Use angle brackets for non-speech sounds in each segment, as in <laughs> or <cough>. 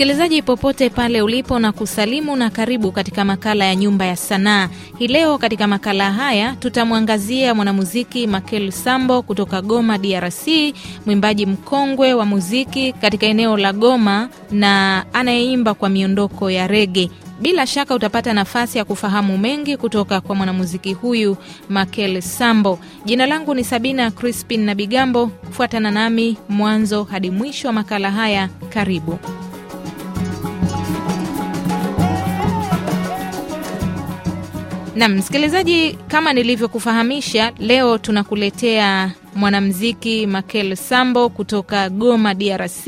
Msikilizaji popote pale ulipo, na kusalimu na karibu katika makala ya Nyumba ya Sanaa. Hii leo katika makala haya tutamwangazia mwanamuziki makel Sambo kutoka Goma, DRC, mwimbaji mkongwe wa muziki katika eneo la Goma na anayeimba kwa miondoko ya rege. Bila shaka utapata nafasi ya kufahamu mengi kutoka kwa mwanamuziki huyu Makel Sambo. Jina langu ni Sabina Crispin na Bigambo. Fuatana nami mwanzo hadi mwisho wa makala haya, karibu. Na msikilizaji, kama nilivyokufahamisha, leo tunakuletea mwanamziki Makel Sambo kutoka Goma, DRC.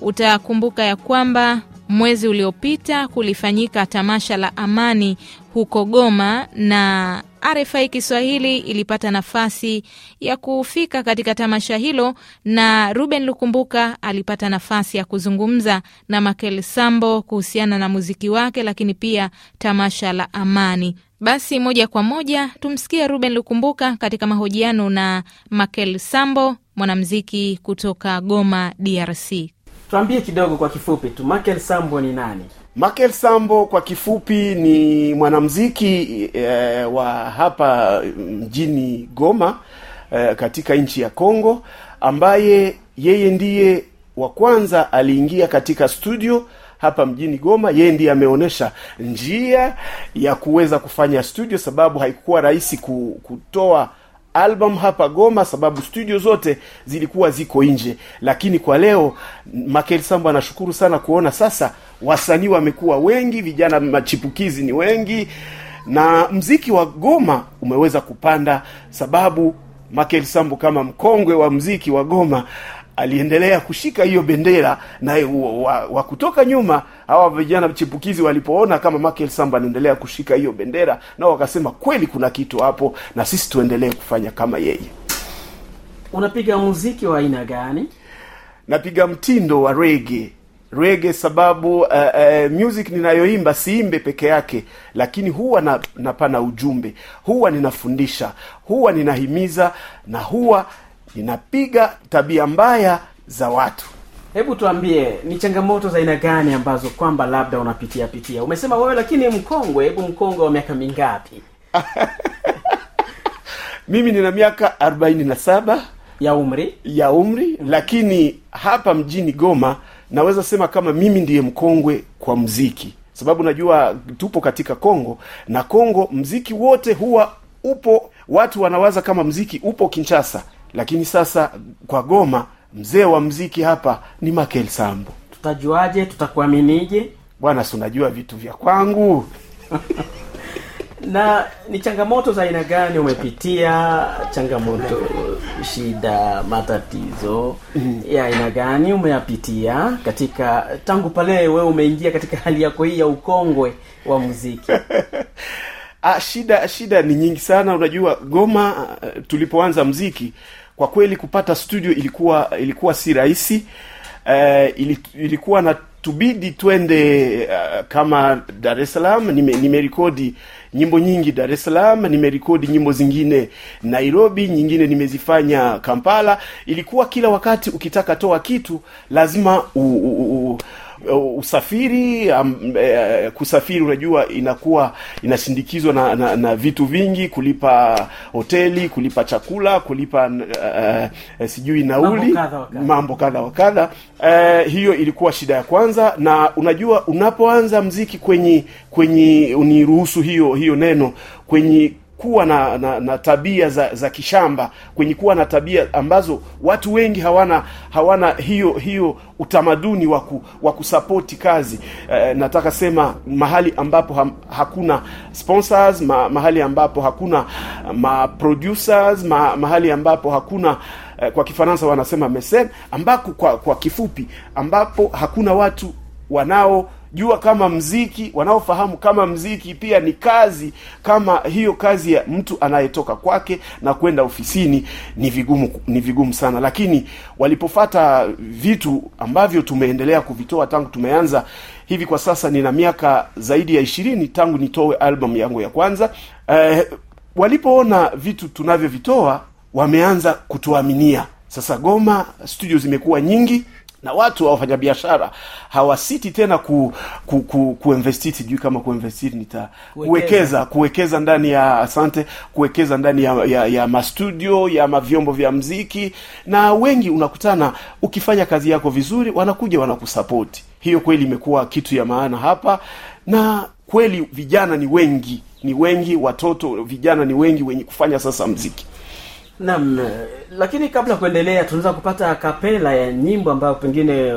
Utakumbuka ya kwamba mwezi uliopita kulifanyika tamasha la amani huko Goma na RFI Kiswahili ilipata nafasi ya kufika katika tamasha hilo na Ruben Lukumbuka alipata nafasi ya kuzungumza na Makel Sambo kuhusiana na muziki wake, lakini pia tamasha la amani. Basi moja kwa moja tumsikie Ruben Lukumbuka katika mahojiano na Makel Sambo, mwanamziki kutoka Goma, DRC. Tuambie kidogo kwa kifupi tu, Makel Sambo ni nani? Makel Sambo kwa kifupi ni mwanamziki e, eh, wa hapa mjini Goma e, katika nchi ya Kongo, ambaye yeye ndiye wa kwanza aliingia katika studio hapa mjini Goma. Yeye ndiye ameonyesha njia ya kuweza kufanya studio, sababu haikuwa rahisi kutoa album hapa Goma sababu studio zote zilikuwa ziko nje, lakini kwa leo Makel Sambo anashukuru sana kuona sasa wasanii wamekuwa wengi, vijana machipukizi ni wengi, na mziki wa Goma umeweza kupanda, sababu Makel Sambo kama mkongwe wa mziki wa Goma aliendelea kushika hiyo bendera na wa, wa kutoka nyuma hawa vijana chipukizi walipoona kama makel Samba anaendelea kushika hiyo bendera nao wakasema kweli kuna kitu hapo na sisi tuendelee kufanya kama yeye unapiga muziki wa aina gani napiga mtindo wa rege rege sababu uh, uh, music ninayoimba siimbe peke yake lakini huwa na, napana ujumbe huwa ninafundisha huwa ninahimiza na huwa linapiga tabia mbaya za watu hebu tuambie ni changamoto za aina gani ambazo kwamba labda unapitia pitia umesema wewe lakini mkongwe hebu mkongwe wa miaka mingapi <laughs> mimi nina miaka arobaini na saba ya umri ya umri lakini hapa mjini goma naweza sema kama mimi ndiye mkongwe kwa mziki sababu najua tupo katika kongo na kongo mziki wote huwa upo watu wanawaza kama mziki upo kinshasa lakini sasa kwa Goma mzee wa mziki hapa ni Makel Sambo. Tutajuaje? Tutakuaminije? Bwana, si unajua vitu vya kwangu <laughs> na ni changamoto za aina gani umepitia? Changamoto, shida, matatizo mm-hmm. ya aina gani umeyapitia katika tangu pale wewe umeingia katika hali yako hii ya ukongwe wa muziki? <laughs> Ah, shida shida ni nyingi sana. Unajua Goma eh, tulipoanza mziki kwa kweli kupata studio ilikuwa ilikuwa si rahisi uh, ilikuwa na tubidi twende uh, kama Dar es Salaam. Nimerekodi nime nyimbo nyingi Dar es Salaam, nimerekodi nyimbo zingine Nairobi, nyingine nimezifanya Kampala. Ilikuwa kila wakati ukitaka toa kitu lazima u, u, u, Eh, usafiri um, eh, kusafiri unajua inakuwa inasindikizwa na, na, na vitu vingi kulipa hoteli kulipa chakula kulipa uh, sijui nauli mambo kadha wa kadha uh, hiyo ilikuwa shida ya kwanza na unajua unapoanza mziki kwenye kwenye uniruhusu hiyo hiyo neno kwenye kuwa na, na, na tabia za, za kishamba, kwenye kuwa na tabia ambazo watu wengi hawana hawana hiyo hiyo utamaduni wa waku, kusapoti kazi eh, nataka sema mahali ambapo ha, hakuna sponsors ma, mahali ambapo hakuna eh, ma producers ma, mahali ambapo hakuna eh, kwa Kifaransa wanasema mesen ambako kwa, kwa kifupi ambapo hakuna watu wanao jua kama mziki wanaofahamu kama mziki pia ni kazi kama hiyo kazi ya mtu anayetoka kwake na kwenda ofisini ni vigumu ni vigumu sana lakini walipofata vitu ambavyo tumeendelea kuvitoa tangu tumeanza hivi kwa sasa nina miaka zaidi ya ishirini tangu nitoe albamu yangu ya kwanza eh, walipoona vitu tunavyovitoa wameanza kutuaminia sasa goma studio zimekuwa nyingi na watu wa wafanyabiashara hawasiti tena ku, ku, ku, kuinvesti sijui kama kuinvesti nita kuwekeza kuwekeza ndani ya asante kuwekeza ndani ya, ya, ya mastudio ya mavyombo vya mziki na wengi unakutana ukifanya kazi yako vizuri wanakuja wanakusapoti hiyo kweli imekuwa kitu ya maana hapa na kweli vijana ni wengi ni wengi watoto vijana ni wengi wenye kufanya sasa mziki nam lakini kabla ya kuendelea, tunaweza kupata kapela ya nyimbo ambayo pengine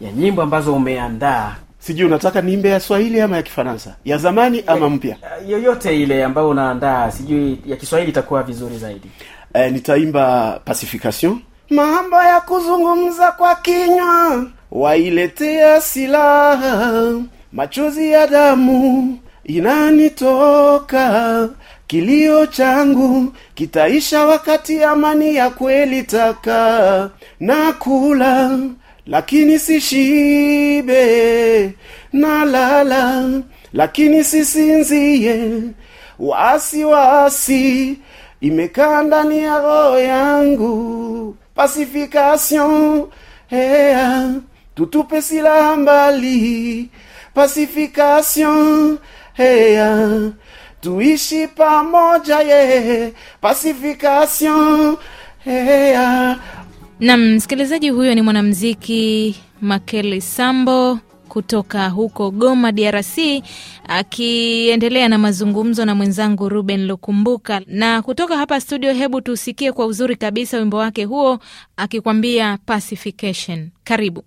ya nyimbo ambazo umeandaa. Sijui unataka niimbe ya Swahili ama ya Kifaransa, ya zamani ama mpya? Yoyote ile ambayo unaandaa, sijui ya Kiswahili itakuwa vizuri zaidi. Eh, nitaimba Pacification. Mambo ya kuzungumza kwa kinywa wailetea silaha, machozi ya damu inanitoka kilio changu kitaisha wakati amani ya kweli taka na kula lakini sishibe na lala lakini sisinzie wasi wasi imekaa ndani ya roho yangu pacification hea tutupe silaha mbali pacification hea tuishi pamoja ye pacification yeah. msikilizaji huyo ni mwanamziki makeli sambo kutoka huko Goma, DRC, akiendelea na mazungumzo na mwenzangu Ruben Lukumbuka. Na kutoka hapa studio, hebu tusikie kwa uzuri kabisa wimbo wake huo akikwambia Pacification. Karibu.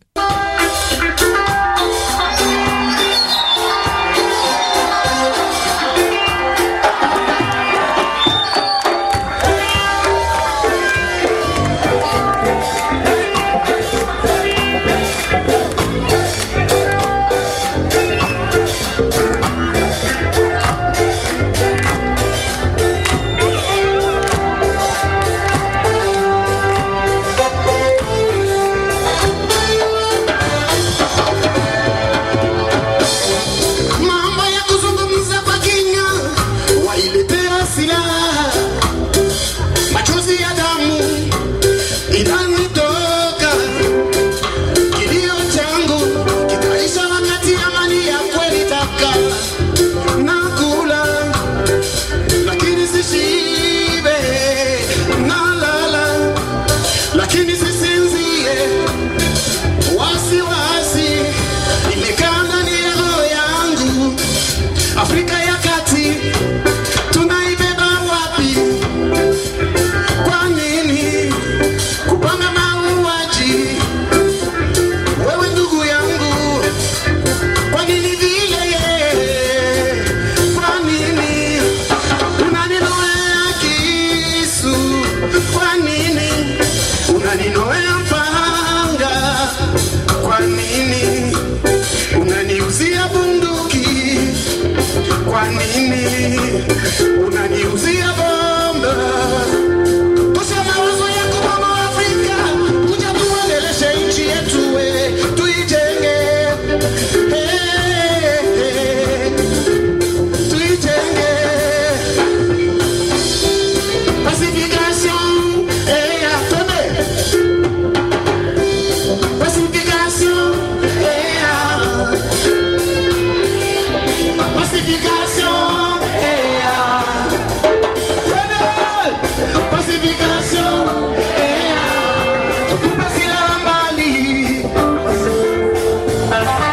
啊。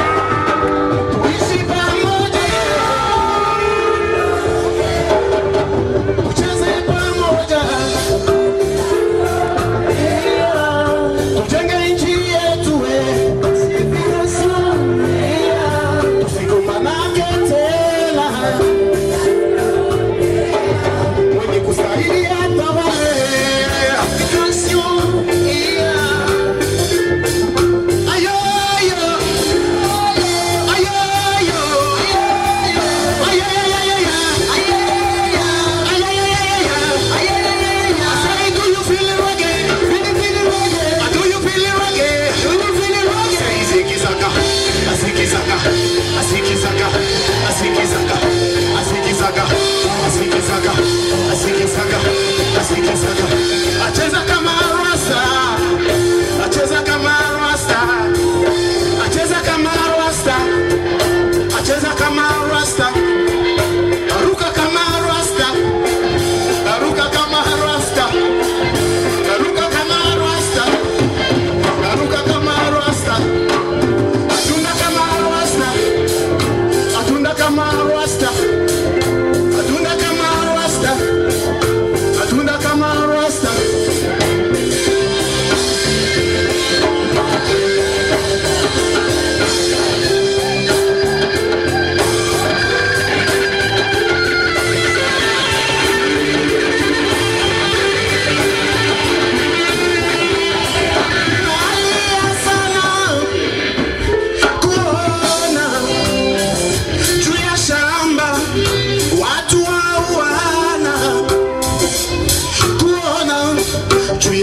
Thank you.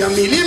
família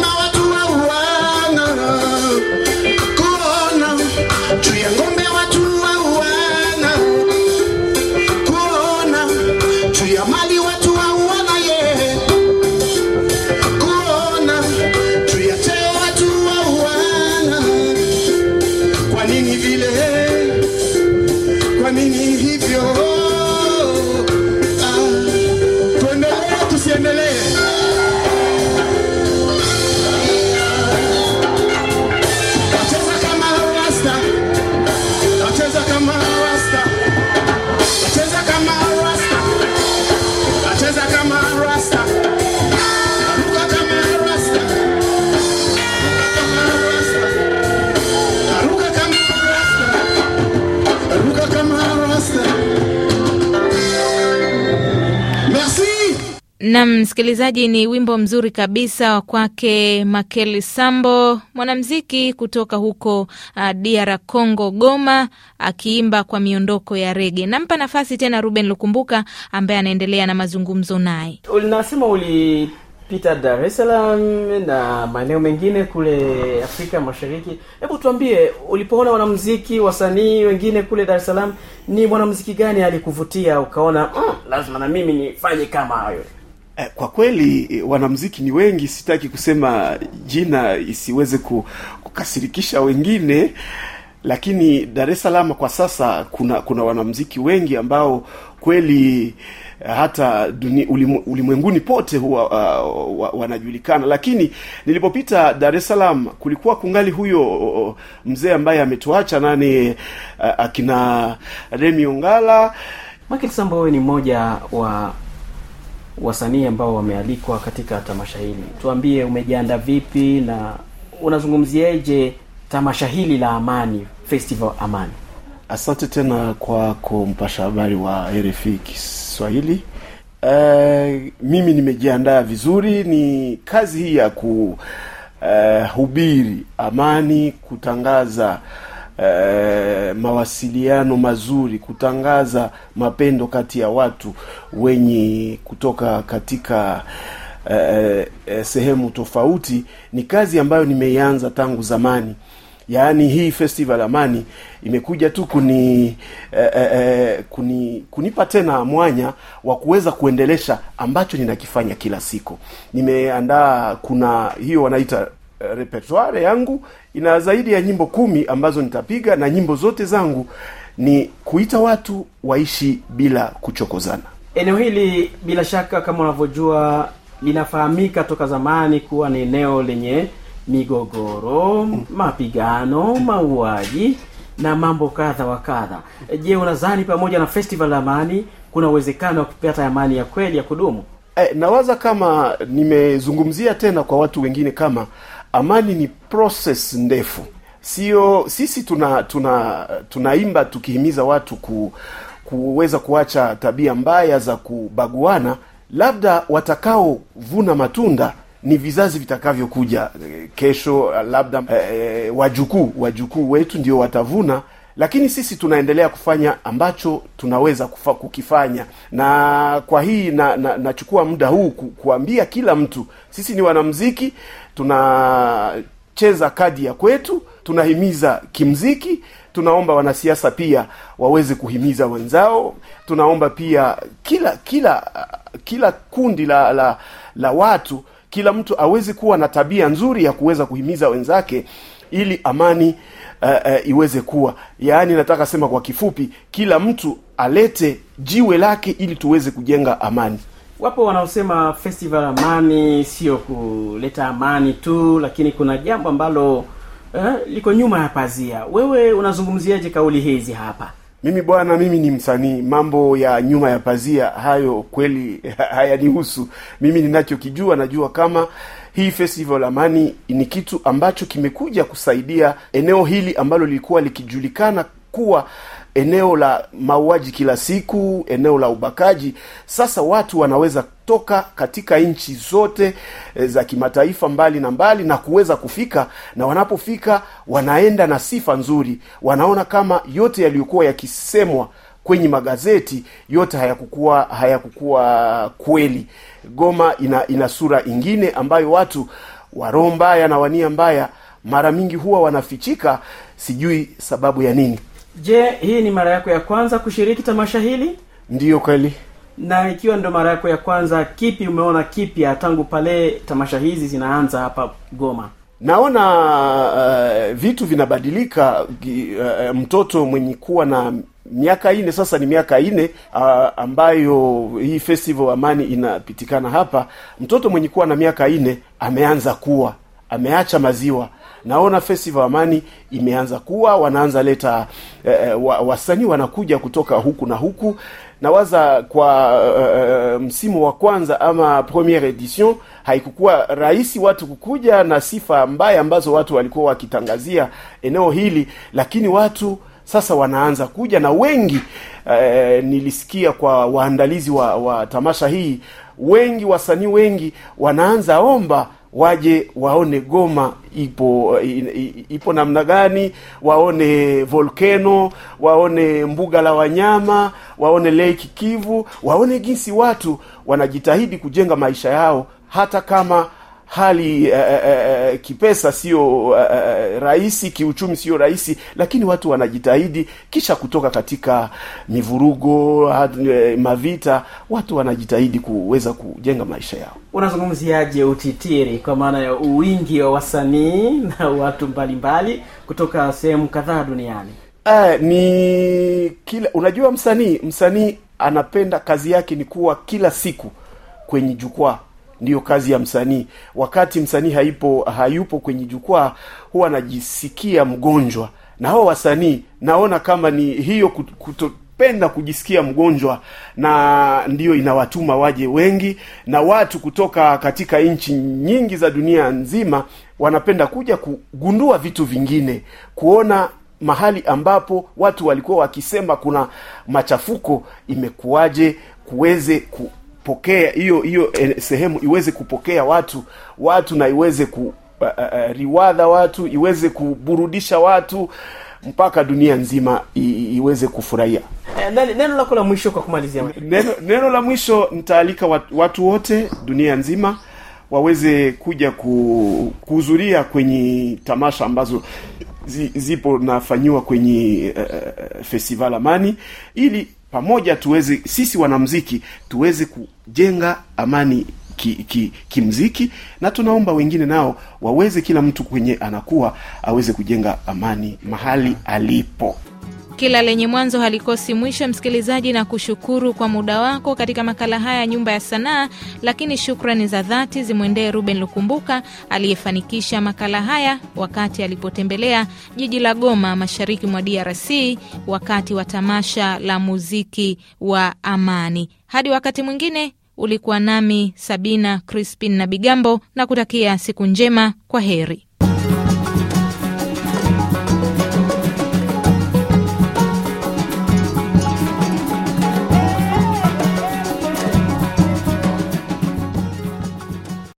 Msikilizaji, ni wimbo mzuri kabisa wa kwake Makeli Sambo, mwanamziki kutoka huko uh, DR Congo, Goma, akiimba kwa miondoko ya rege. Nampa nafasi tena Ruben Lukumbuka ambaye anaendelea na mazungumzo naye. Ulinasema ulipita Dar es Salaam na maeneo mengine kule Afrika Mashariki. Hebu tuambie, ulipoona wanamziki wasanii wengine kule Dar es Salaam, ni mwanamziki gani alikuvutia ukaona, mm, lazima na mimi nifanye kama hayo? Eh, kwa kweli eh, wanamziki ni wengi, sitaki kusema jina isiweze kukasirikisha wengine, lakini Dar es Salaam kwa sasa kuna kuna wanamziki wengi ambao kweli eh, hata ulimu, ulimwenguni pote huwa uh, wanajulikana. Lakini nilipopita Dar es Salaam kulikuwa kungali huyo mzee ambaye ametuacha nani, uh, akina Remi Ongala. wewe ni mmoja wa wasanii ambao wamealikwa katika tamasha hili. Tuambie umejiandaa vipi na unazungumziaje tamasha hili la Amani, Festival Amani? Asante tena kwa kumpasha habari wa rf Kiswahili. Uh, mimi nimejiandaa vizuri. Ni kazi hii ya kuhubiri eh, uh, amani, kutangaza eh, mawasiliano mazuri, kutangaza mapendo kati ya watu wenye kutoka katika eh, eh, sehemu tofauti, ni kazi ambayo nimeianza tangu zamani. Yaani hii festival Amani imekuja tu kuni, eh, eh, eh kuni kunipa tena mwanya wa kuweza kuendelesha ambacho ninakifanya kila siku. Nimeandaa kuna hiyo wanaita repertoire yangu ina zaidi ya nyimbo kumi ambazo nitapiga na nyimbo zote zangu ni kuita watu waishi bila kuchokozana. Eneo hili bila shaka, kama unavyojua, linafahamika toka zamani kuwa ni eneo lenye migogoro, mapigano, mauaji na mambo kadha wa kadha. Je, unazani pamoja na festival ya amani kuna uwezekano wa kupata amani ya kweli ya kudumu? eh, nawaza kama nimezungumzia tena kwa watu wengine kama amani ni proses ndefu sio sisi tuna tuna tunaimba tukihimiza watu ku, kuweza kuacha tabia mbaya za kubaguana labda watakaovuna matunda ni vizazi vitakavyokuja kesho labda eh, wajukuu wajukuu wetu ndio watavuna lakini sisi tunaendelea kufanya ambacho tunaweza kufa, kukifanya na kwa hii na, na, nachukua muda huu ku, kuambia kila mtu sisi ni wanamziki tunacheza kadi ya kwetu tunahimiza kimziki tunaomba wanasiasa pia waweze kuhimiza wenzao tunaomba pia kila kila kila kundi la la, la watu kila mtu aweze kuwa na tabia nzuri ya kuweza kuhimiza wenzake ili amani uh, uh, iweze kuwa yaani, nataka sema kwa kifupi, kila mtu alete jiwe lake ili tuweze kujenga amani. Wapo wanaosema festival amani sio kuleta amani tu, lakini kuna jambo ambalo eh, liko nyuma ya pazia. Wewe unazungumziaje kauli hizi hapa? Mimi bwana, mimi ni msanii, mambo ya nyuma ya pazia hayo kweli <laughs> hayanihusu mimi. Ninachokijua najua kama hii festival Amani ni kitu ambacho kimekuja kusaidia eneo hili ambalo lilikuwa likijulikana kuwa eneo la mauaji kila siku, eneo la ubakaji. Sasa watu wanaweza toka katika nchi zote eh, za kimataifa mbali na mbali na kuweza kufika, na wanapofika wanaenda na sifa nzuri, wanaona kama yote yaliyokuwa yakisemwa kwenye magazeti yote hayakukuwa hayakukuwa kweli goma ina ina sura ingine ambayo watu wa roho mbaya na wania mbaya mara mingi huwa wanafichika sijui sababu ya nini je hii ni mara yako ya kwanza kushiriki tamasha hili ndiyo kweli na ikiwa ndo mara yako ya kwanza kipi umeona kipya tangu pale tamasha hizi zinaanza hapa goma naona uh, vitu vinabadilika uh, mtoto mwenye kuwa na miaka ine sasa, ni miaka ine a, ambayo hii festival amani inapitikana hapa. Mtoto mwenye kuwa na miaka ine ameanza kuwa ameacha maziwa. Naona festival amani imeanza kuwa, wanaanza leta eh, wasanii wanakuja kutoka huku na huku. Nawaza kwa eh, msimu wa kwanza ama premiere edition haikukuwa rahisi watu kukuja na sifa mbaya ambazo watu walikuwa wakitangazia eneo hili, lakini watu sasa wanaanza kuja na wengi eh, nilisikia kwa waandalizi wa, wa tamasha hii wengi wasanii wengi wanaanza omba waje waone Goma ipo ipo namna gani, waone volkeno waone mbuga la wanyama, waone Lake Kivu, waone jinsi watu wanajitahidi kujenga maisha yao hata kama hali uh, uh, kipesa sio uh, rahisi, kiuchumi sio rahisi, lakini watu wanajitahidi. Kisha kutoka katika mivurugo uh, mavita, watu wanajitahidi kuweza kujenga maisha yao. Unazungumziaje utitiri kwa maana ya uwingi wa wasanii <laughs> na watu mbalimbali mbali, kutoka sehemu kadhaa duniani? Uh, ni kila unajua, msanii msanii anapenda kazi yake ni kuwa kila siku kwenye jukwaa ndiyo kazi ya msanii. Wakati msanii haipo hayupo kwenye jukwaa, huwa anajisikia mgonjwa, na hao wasanii naona kama ni hiyo kuto, penda kujisikia mgonjwa na ndiyo inawatuma waje wengi, na watu kutoka katika nchi nyingi za dunia nzima wanapenda kuja kugundua vitu vingine, kuona mahali ambapo watu walikuwa wakisema kuna machafuko imekuwaje, kuweze ku pokea hiyo hiyo eh, sehemu iweze kupokea watu watu na iweze ku uh, uh, riwadha watu iweze kuburudisha watu mpaka dunia nzima i, iweze kufurahia neno, lako la mwisho kwa kumalizia neno, neno la mwisho nitaalika watu, wote dunia nzima waweze kuja kuhudhuria kwenye tamasha ambazo zi, zipo nafanyiwa kwenye uh, festival amani ili pamoja tuweze sisi wanamziki tuweze kujenga amani kimziki ki, ki, ki na tunaomba wengine nao waweze, kila mtu kwenye anakuwa aweze kujenga amani mahali alipo. Kila lenye mwanzo halikosi mwisho, msikilizaji, na kushukuru kwa muda wako katika makala haya ya Nyumba ya Sanaa. Lakini shukrani za dhati zimwendee Ruben Lukumbuka aliyefanikisha makala haya wakati alipotembelea jiji la Goma, mashariki mwa DRC, wakati wa tamasha la muziki wa Amani. Hadi wakati mwingine, ulikuwa nami Sabina Crispin na Bigambo, na kutakia siku njema. Kwa heri.